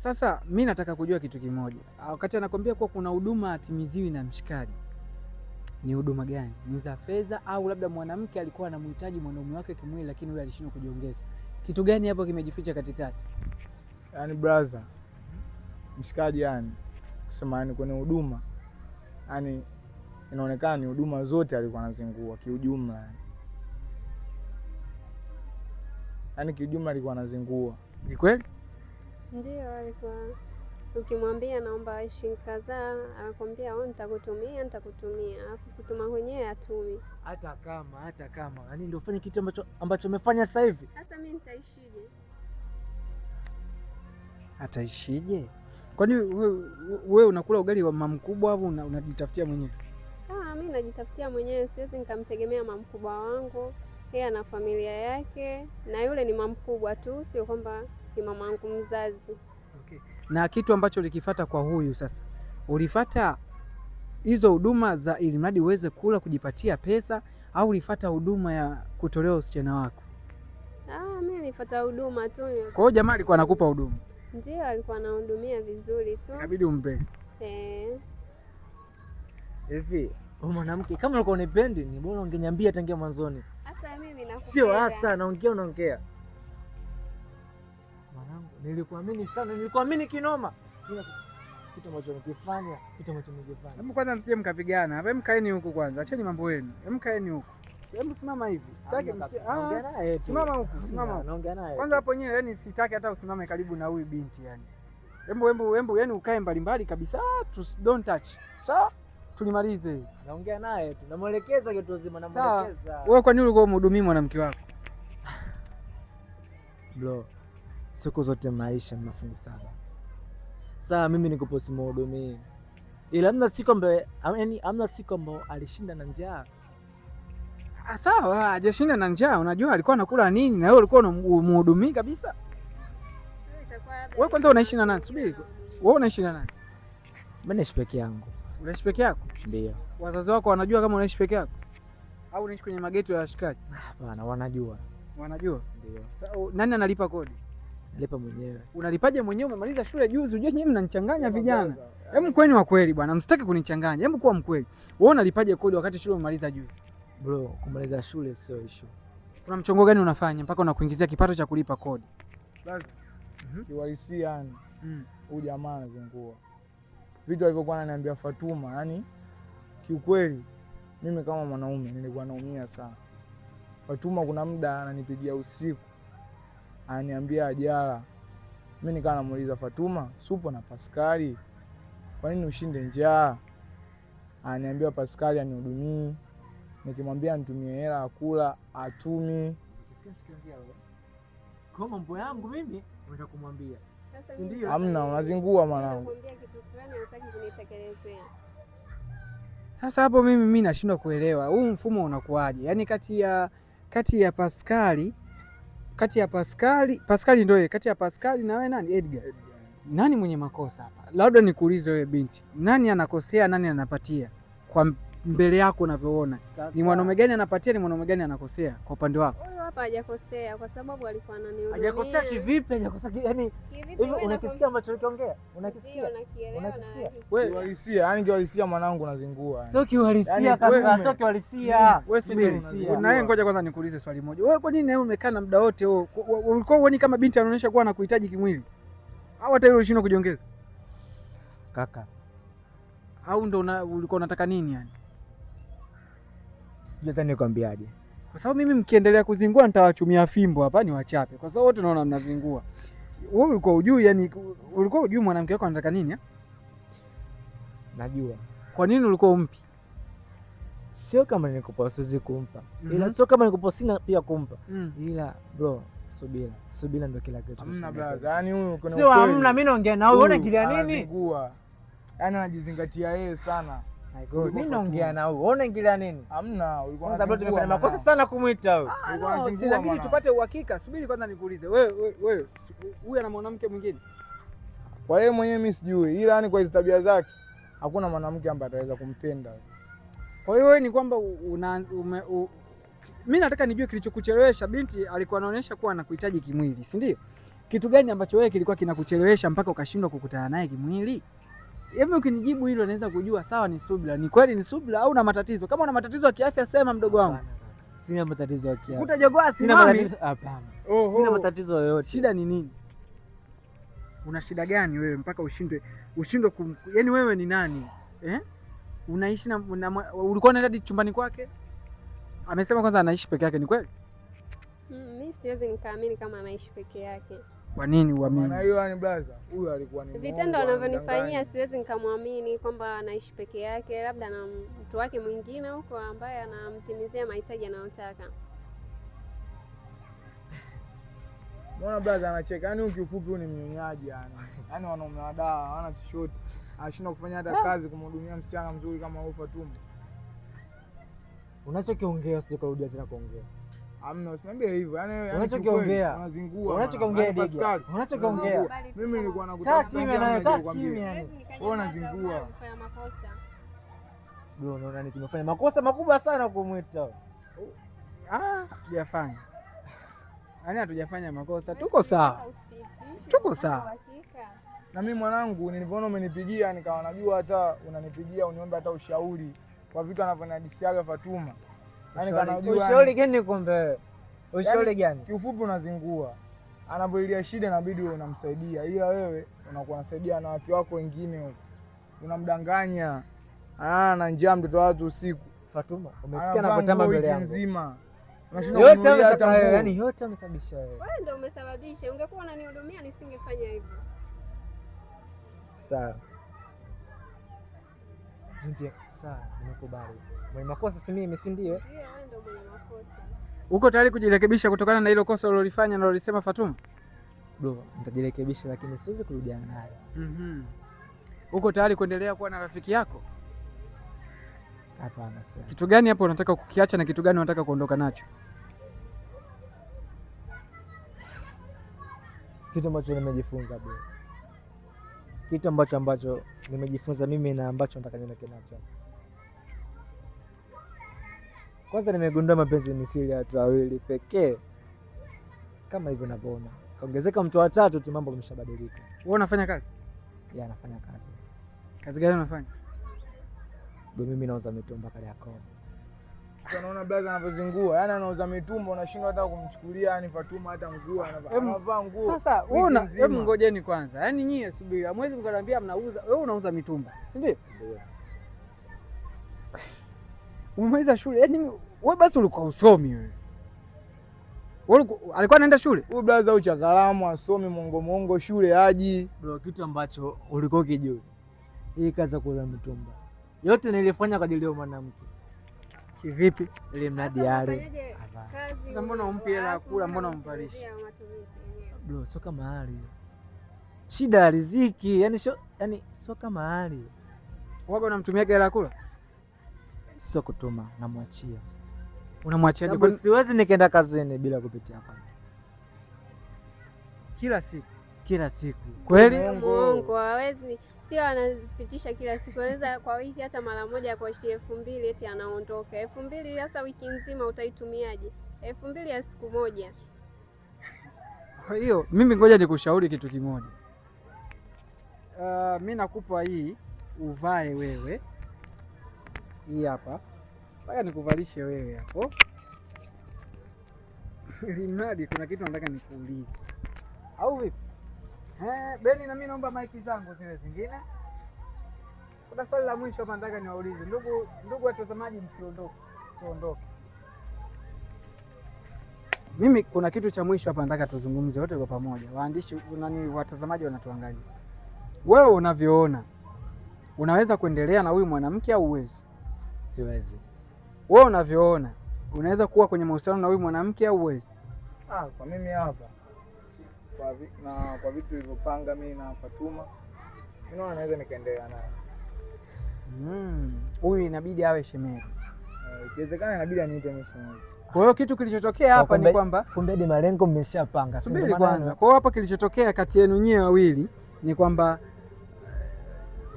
Sasa mi nataka kujua kitu kimoja, wakati anakwambia kuwa kuna huduma hatimiziwi na mshikaji, ni huduma gani? Ni za fedha au labda mwanamke alikuwa anamhitaji mwanaume wake kimwili, lakini huyo alishindwa kujiongeza? Kitu gani hapo kimejificha katikati? Yani brother, mshikaji, yani kusema, yani kwenye huduma, yani inaonekana ni huduma zote alikuwa anazingua kiujumla, yani yani kiujumla alikuwa anazingua. Ni kweli? Ndiyo, alikuwa ukimwambia naomba shilingi kadhaa, anakwambia wewe, oh, nitakutumia nitakutumia, alafu kutuma kwenyewe atumi. Hata kama hata kama yani ndio fanye kitu ambacho ambacho umefanya sasa hivi. Sasa mimi nitaishije? Ataishije? Kwani wewe unakula ugali wa mama mkubwa au unajitafutia mwenyewe? Ah, mimi najitafutia mwenyewe, siwezi nikamtegemea mama mkubwa wangu. Yeye ana familia yake na yule ni mama mkubwa tu, sio kwamba ni yangu mzazi. Okay. Na kitu ambacho ulikifata kwa huyu sasa, ulifata hizo huduma za ili mradi uweze kula kujipatia pesa au ulifata huduma ya kutolewa usichana wako? Ah, mimi nilifata huduma tu. Kwa hiyo jamaa alikuwa anakupa huduma? Ndio, alikuwa anahudumia vizuri tu. Inabidi umbrace. Eh. Hivi, wewe mwanamke kama ulikuwa unipendi, ni bora ungenyambia tangia mwanzoni. Sasa mimi nakupenda. Sio hasa naongea unaongea nilikuamini sana, nilikuamini kinoma. Kitu ambacho nikifanya, kitu ambacho nikifanya. Hebu kwanza msije mkapigana hapa, mkaeni huku kwanza, acheni mambo yenu, hebu mkaeni huku. Hebu simama hivi, sitaki msiongea ah, Simama huku, simama, naongea naye kwanza hapo nyewe. Yani sitaki hata usimame karibu na huyu binti yani. Hebu hebu hebu, yani ukae mbalimbali kabisa, ah, don't touch sawa. Tulimalize naongea naye tu, namwelekeza kitu zima, namwelekeza. Wewe kwa nini ulikuwa umhudumii mwanamke wako bro? siku zote maisha ni mafungu saba. Saa mimi niko posi muhudumii, ila amna siku ambaye yani, amna siku ambao alishinda na njaa. Ah, sawa, hajashinda na njaa. Unajua alikuwa anakula nini, na wewe ulikuwa unamhudumii kabisa. Wewe kwanza unaishi na nani? Subiri, wewe unaishi na nani? Mimi naishi peke yangu. Unaishi peke yako? Ndio. Wazazi wako wanajua kama unaishi peke yako au unaishi kwenye mageto ya washikaji? Ah, hapana, wanajua. Wanajua? Ndio. Sasa nani analipa kodi? Lipa mwenyewe. Unalipaje mwenyewe? Umemaliza shule juzi, unajua nyinyi mnanichanganya vijana. Hebu kweni wa kweli bwana, msitaki kunichanganya. Hebu kuwa mkweli. Wewe unalipaje kodi wakati shule umemaliza juzi? Bro, kumaliza shule sio issue. Kuna mchongo gani unafanya mpaka unakuingizia kipato cha kulipa kodi? Basi. Mm -hmm. Kiwalisia yani. Mm. Huyu jamaa anazungua. Vitu alivyokuwa ananiambia Fatuma, yani kiukweli mimi kama mwanaume nilikuwa naumia sana. Fatuma kuna muda ananipigia usiku ananiambia ajala. Mimi nikawa namuuliza Fatuma, supo na Paskali, kwa nini ushinde njaa? Ananiambia Paskali anihudumii, nikimwambia nitumie hela akula atumi. Kwa mambo yangu mimi nataka kumwambia si ndio? Hamna, unazingua mwanangu. Sasa hapo mimi mi nashindwa kuelewa huu mfumo unakuwaje, yaani kati ya kati ya Paskali kati ya paskali paskali ndio kati ya paskali na wewe nani Edgar, Edgar. Nani mwenye makosa hapa? Labda nikuulize wewe binti, nani anakosea, nani anapatia kwa Mm. mbele yako unavyoona ni mwanaume gani anapatia, ni mwanaume gani anakosea kwa upande wako? Huyu hapa hajakosea kwa sababu alikuwa ananiona. Hajakosea kivipi? Hajakosea yani, hivi unakisikia ambacho alikiongea? Unakisikia? Unakisikia? Wewe uhalisia, yani kiuhalisia mwanangu nazingua. Sio kiuhalisia kama sio kiuhalisia. Mm, wewe subiri. Na yeye ngoja kwanza nikuulize swali moja. Wewe kwa nini na yeye umekaa na muda wote wewe? Ulikuwa uone kama binti anaonyesha kuwa anakuhitaji kimwili? Au hata ile ulishindwa kujiongeza? Kaka. Au ndo ulikuwa unataka nini yani? sijui hata nikwambiaje, kwa sababu mimi mkiendelea kuzingua nitawachumia fimbo hapa ni wachape, kwa sababu wote naona mnazingua. Wewe ulikuwa ujui, yani ulikuwa ujui mwanamke wako anataka nini? Najua. Kwa nini ulikuwa umpi? Sio kama nilikupa siwezi kumpa, mm -hmm. Ila sio kama nilikupa sina pia kumpa, mm. Ila bro subira, subira ndio kila kitu. Hamna brother, yani huyu kuna sio, hamna. Mimi naongea na wewe, unaongea nini, yani anajizingatia yeye sana. Mimi naongea na wewe. Unaona ingilia nini? Hamna, ulikuwa tumefanya makosa sana kumwita wewe. Lakini ah, tupate uhakika. Subiri kwanza nikuulize. Wewe wewe huyu ana mwanamke mwingine? Kwa yeye mwenyewe mimi sijui. Ila yani kwa hizo tabia zake hakuna mwanamke ambaye ataweza kumpenda. Kwa hiyo wewe ni kwamba una mimi nataka nijue kilichokuchelewesha. Binti alikuwa anaonyesha kuwa anakuhitaji kimwili, si ndio? Kitu gani ambacho wewe kilikuwa kinakuchelewesha mpaka ukashindwa kukutana naye kimwili? Hebu yaani ukinijibu hilo naweza kujua sawa, ni subira, ni kweli ni subira au na matatizo? Kama una matatizo ya kiafya sema, mdogo wangu. Sina matatizo ya kiafya. Utajogoa? Sina matatizo. Hapana. Sina matatizo yoyote. Shida ni nini? Una shida gani wewe mpaka ushindwe ushindwe kum... yaani wewe ni nani eh? Unaishi na, na ulikuwa unaenda chumbani kwake? Amesema kwanza anaishi peke yake, ni kweli? Mm, mimi siwezi nikaamini kama anaishi peke yake. Kwa nini uamini? brother huyu alikuwa ni vitendo anavyonifanyia, siwezi nikamwamini kwamba anaishi peke yake, labda na mtu wake mwingine huko ambaye anamtimizia mahitaji anayotaka. Mbona brother anacheka? Yaani huyu kiufupi, huyu ni mnyonyaji yani. Yaani wanaume dawa hawana chochote, anashindwa kufanya hata kazi kumhudumia msichana mzuri kama Fatuma. Unachokiongea sije karudia tena kuongea Amna, usiniambie hivyo. Yaani, yaani unachokiongea, unazingua. Yaani, unachokiongea Unachokiongea. Mimi nilikuwa na nakwambia. Wewe unazingua. Bro, unaona ni tumefanya makosa makubwa sana kumwita. Oh. Ah, hatujafanya. Yaani hatujafanya makosa. Tuko sawa. Tuko sawa. Na mimi mwanangu, nilivyoona umenipigia nikawa najua hata unanipigia uniombe hata ushauri kwa vitu anavyonadisiaga Fatuma. Yaani ushauri gani kumbe wewe? Ushauri yaani gani? Kiufupi unazingua. Anapoilia shida inabidi wewe unamsaidia, ila wewe unakuwa unasaidia na watu wako wengine huko, unamdanganya Ah, na njaa mtoto wa watu usiku. Fatuma, umesikia anapotamba mbele yangu nzima Unashinda hata Yaani yote amesababisha wewe. Wewe ndio umesababisha. Ungekuwa unanihudumia nisingefanya hivyo. Sawa. Sawa, nimekubali. Mwenye makosa si mimi, si ndio? Yeah, Uko tayari kujirekebisha kutokana na hilo kosa ulilofanya na ulisema Fatuma? Bro, nitajirekebisha lakini siwezi kurudiana nayo. Mhm. Uko tayari kuendelea kuwa na rafiki yako? Hapana, siwezi. Kitu gani hapo unataka kukiacha na kitu gani unataka kuondoka nacho? Kitu ambacho nimejifunza bro. Kitu ambacho ambacho nimejifunza mimi na ambacho nataka nionekane nacho. Kwanza nimegundua mapenzi ni siri ya watu wawili pekee, kama hivyo unavyoona. Kaongezeka mtu wa tatu tu, mambo yameshabadilika. Wewe unafanya kazi? Ya, anafanya kazi. Kazi gani unafanya? Mimi nauza mitumba kale yako. Unaona blaza anavyozingua, yani anauza mitumba, unashindwa hata kumchukulia, yani Fatuma hata nguo ah, anavaa nguo. Sasa wewe, hebu ngojeni kwanza, yani nyie subiri, hamwezi mkaniambia mnauza. Wewe unauza mitumba, si ndio? Ndio umemaliza shule yaani wewe basi ulikuwa usomi wewe. Alikuwa anaenda shule huyu brother huyu chakalamu asomi mongo mongo shule aji. Bro, kitu ambacho ulikuwa ukijua hii kazi ya kuuza mitumba yote nilifanya kwa ajili ya mwanamke. Kivipi? Ili mradi yale Sasa mbona umpi hela kula, mbona umvalishe? Bro, yaani sio kama hali shida ya riziki, yani sio yani, sio kama hali waga, unamtumia hela kula sio kutuma, namwachia. Unamwachia kwa... siwezi nikaenda kazini bila kupitia hapa kila siku kila siku. Kweli Mungu hawezi, sio anapitisha kila siku, anaweza kwa wiki hata mara moja kwa shilingi elfu mbili eti anaondoka elfu mbili hasa wiki nzima utaitumiaje? elfu mbili ya siku moja. Kwa hiyo mimi ngoja nikushauri kitu kimoja. Uh, mi nakupa hii uvae wewe hii hapa mpaka nikuvalishe wewe hapo, ili mradi kuna kitu nataka nikuulize, au vipi? Beni, na mimi naomba maiki zangu zile zingine. Kuna swali la mwisho hapa nataka niwaulize ndugu ndugu watazamaji, msiondoke, msiondoke. Mimi kuna kitu cha mwisho hapa nataka tuzungumze wote kwa pamoja, waandishi nani, watazamaji wanatuangalia. Wewe unavyoona unaweza kuendelea na huyu mwanamke au uwezi? siwezi. Wewe unavyoona unaweza kuwa kwenye mahusiano na huyu mwanamke au uwezi? Ah, kwa mimi hapa kwa, vi, na, kwa vitu vilivyopanga mimi na Fatuma mimi naona naweza nikaendelea naye. Mm, Huyu inabidi awe shemeji. Eh, ikiwezekana inabidi aniite mimi shemeji. Kwa hiyo kitu kilichotokea hapa ni kwamba kumbe de malengo mmeshapanga. Subiri kwanza. Kwa hiyo hapa kilichotokea kati yenu nyewe wawili ni kwamba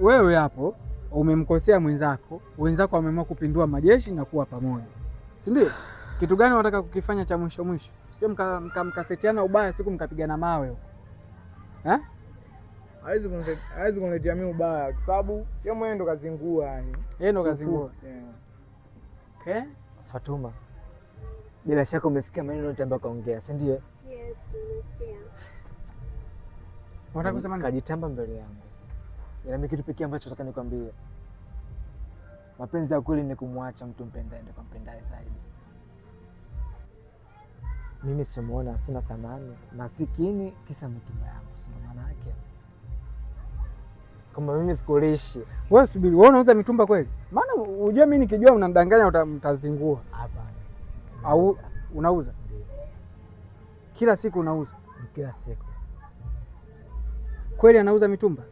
wewe hapo umemkosea mwenzako, wenzako wameamua kupindua majeshi na kuwa pamoja, si ndio? Kitu gani unataka kukifanya cha mwisho mwisho? Sio mkasetiana mka, mka ubaya siku mkapigana mawe huko Hawezi kuniletea mimi ubaya kwa sababu yeye mwenyewe ndo kazingua, yani yeye ndo kazingua. Okay, eh? Fatuma, bila shaka umesikia maneno yote ambayo kaongea, si ndio? Yes, nimesikia. Unataka kusema nini? Kajitamba mbele yangu Ila mimi kitu pekee ambacho nataka nikwambie, mapenzi ya kweli ni kumwacha mtu mpendaye ndio kampendaye zaidi. Mimi simuona sina thamani, masikini kisa mtumba yangu, si maana yake kama mimi sikulishi. Wewe subiri, wewe unauza mitumba kweli? Maana unajua mimi nikijua unamdanganya mtazingua. Hapana. Au unauza kila siku? Unauza kila siku kweli? Anauza mitumba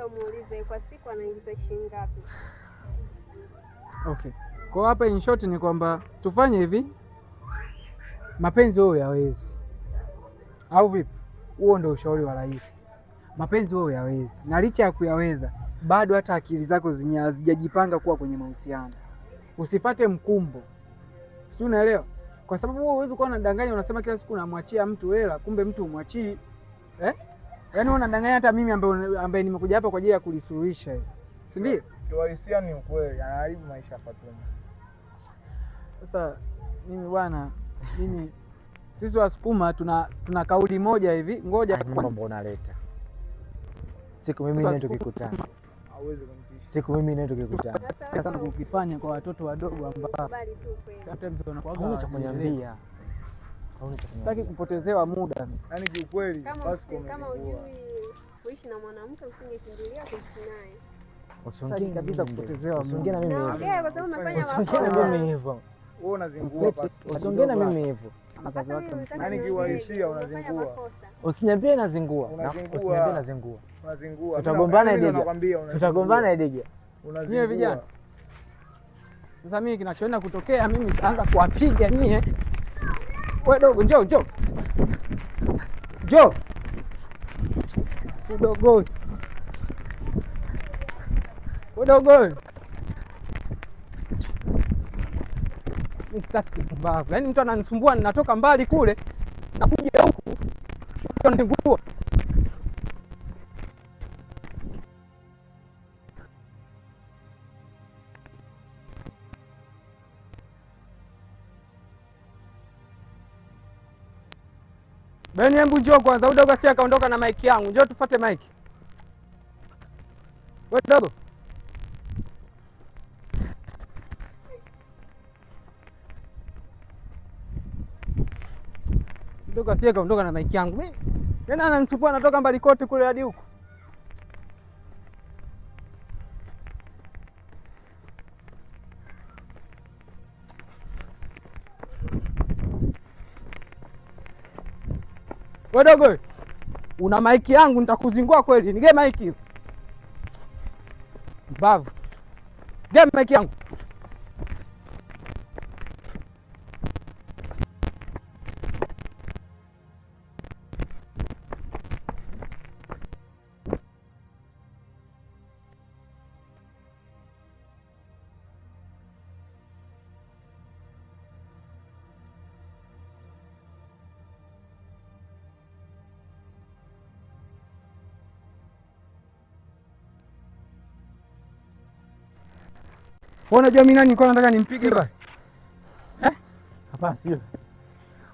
labda umuulize kwa siku anaingiza shilingi ngapi. Okay, kwa hapa in short ni kwamba tufanye hivi, mapenzi wewe yawezi au vipi? Huo ndio ushauri wa rais. Mapenzi wewe yawezi, na licha ya kuyaweza bado hata akili zako zenye hazijajipanga kuwa kwenye mahusiano. Usifate mkumbo, si unaelewa? Kwa sababu wewe huwezi kuwa unadanganya, unasema kila siku unamwachia mtu hela, kumbe mtu umwachii eh? Yaani unadanganya hata mimi ambaye ambaye nimekuja hapa kwa ajili ya kulisuluhisha Si ndio? Kiwalisia ni ukweli, anaharibu maisha ya Fatuma. Sasa mimi bwana, mimi sisi Wasukuma tuna tuna kauli moja hivi, ngoja mambo unaleta. Siku mimi ndio tukikutana. Hauwezi kumtisha. Siku mimi ndio tukikutana. Sana kukifanya kwa watoto wadogo ambao Bali tu sometimes wanakuwa cha kuniambia. Sitaki kupotezewa muda. Yaani kiukweli, kama ujui kuishi na mwanamke usingekimbilia kuishi naye. Usiongee kabisa kupotezewa Usiongee na mimi muda. Usiongee na mimi hivyo. Wewe unazingua basi. Usiongee na mimi hivyo. Wazazi wako. yaani kiwaishia unazingua. Usiniambie nazingua. Usiniambie nazingua. Unazingua. Tutagombana Idega. Yaani Tutagombana Idega. Unazingua. Vijana. Sasa mimi kinachoenda kutokea mimi nitaanza kuwapiga nyie. We dogo, njoo njoo njoo udogo udogo, mi sitaki kupumbavu. Yaani mtu ananisumbua, ninatoka mbali kule nakuja huku anazingua Beni, hebu njoo kwanza. Huyu dogo si akaondoka na maiki yangu, njoo tufate maiki. We dogo, dogo si akaondoka na maiki yangu, mi tena yaani ananisumbua, anatoka mbali kote kule hadi huku Wewe dogo, una maiki yangu nitakuzingua kweli. Nige maiki bavu Mbavu. maiki yangu. Unajua mimi nani nilikuwa nataka nimpige basi. Eh? Hapana sio.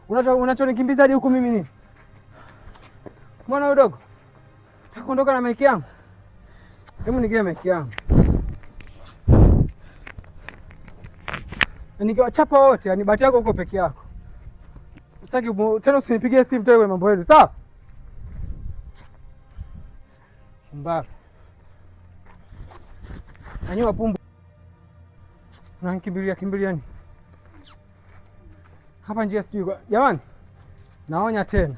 Unacho unachonikimbiza hadi huku mimi nini? Mbona udogo? Takuondoka na maiki yangu. Hebu nigee maiki yangu. Nikiwachapa wote, yani bahati yako huko peke yako. Sitaki tena usinipigie simu tena kwa mambo yenu. Sawa? Mbaka Nanyi wapumba Unanikimbilia kimbiliani hapa njia sijui. Jamani, naonya tena,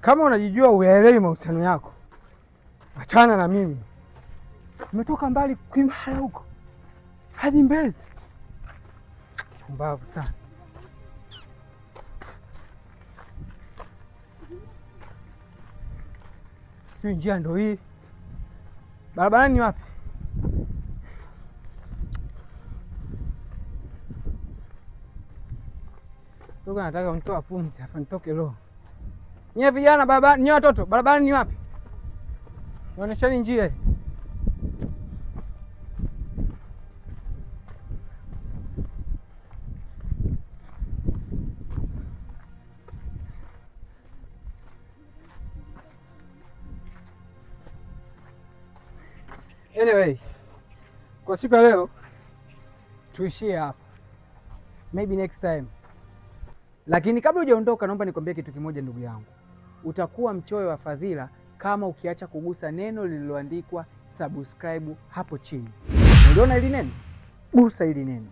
kama unajijua uyaelewi mahusiano yako, achana na mimi. Umetoka mbali Kwimara huko hadi Mbezi, pumbavu sana. Sijui njia ndo hii, barabarani ni wapi? Toka nataka unitoa pumzi hapa nitoke roho. Nyie vijana baba, nyie watoto barabarani ni wapi? Nionyesheni njia. Anyway, kwa siku ya leo tuishie hapa. Maybe next time lakini kabla hujaondoka, naomba nikwambie kitu kimoja, ndugu yangu, utakuwa mchoyo wa fadhila kama ukiacha kugusa neno lililoandikwa subscribe hapo chini. Unaona hili neno, gusa hili neno.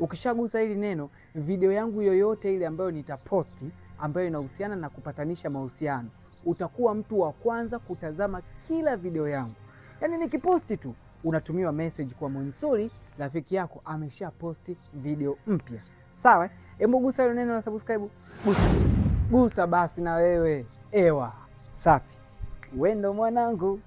Ukishagusa hili neno, video yangu yoyote ile ambayo nitaposti ambayo inahusiana na kupatanisha mahusiano, utakuwa mtu wa kwanza kutazama kila video yangu. Yaani nikiposti tu unatumiwa message kwa Monsuri, rafiki yako amesha posti video mpya. Sawa? Hebu gusa hilo neno la subscribe, gusa gusa basi na wewe. Ewa safi, wendo ndo mwanangu.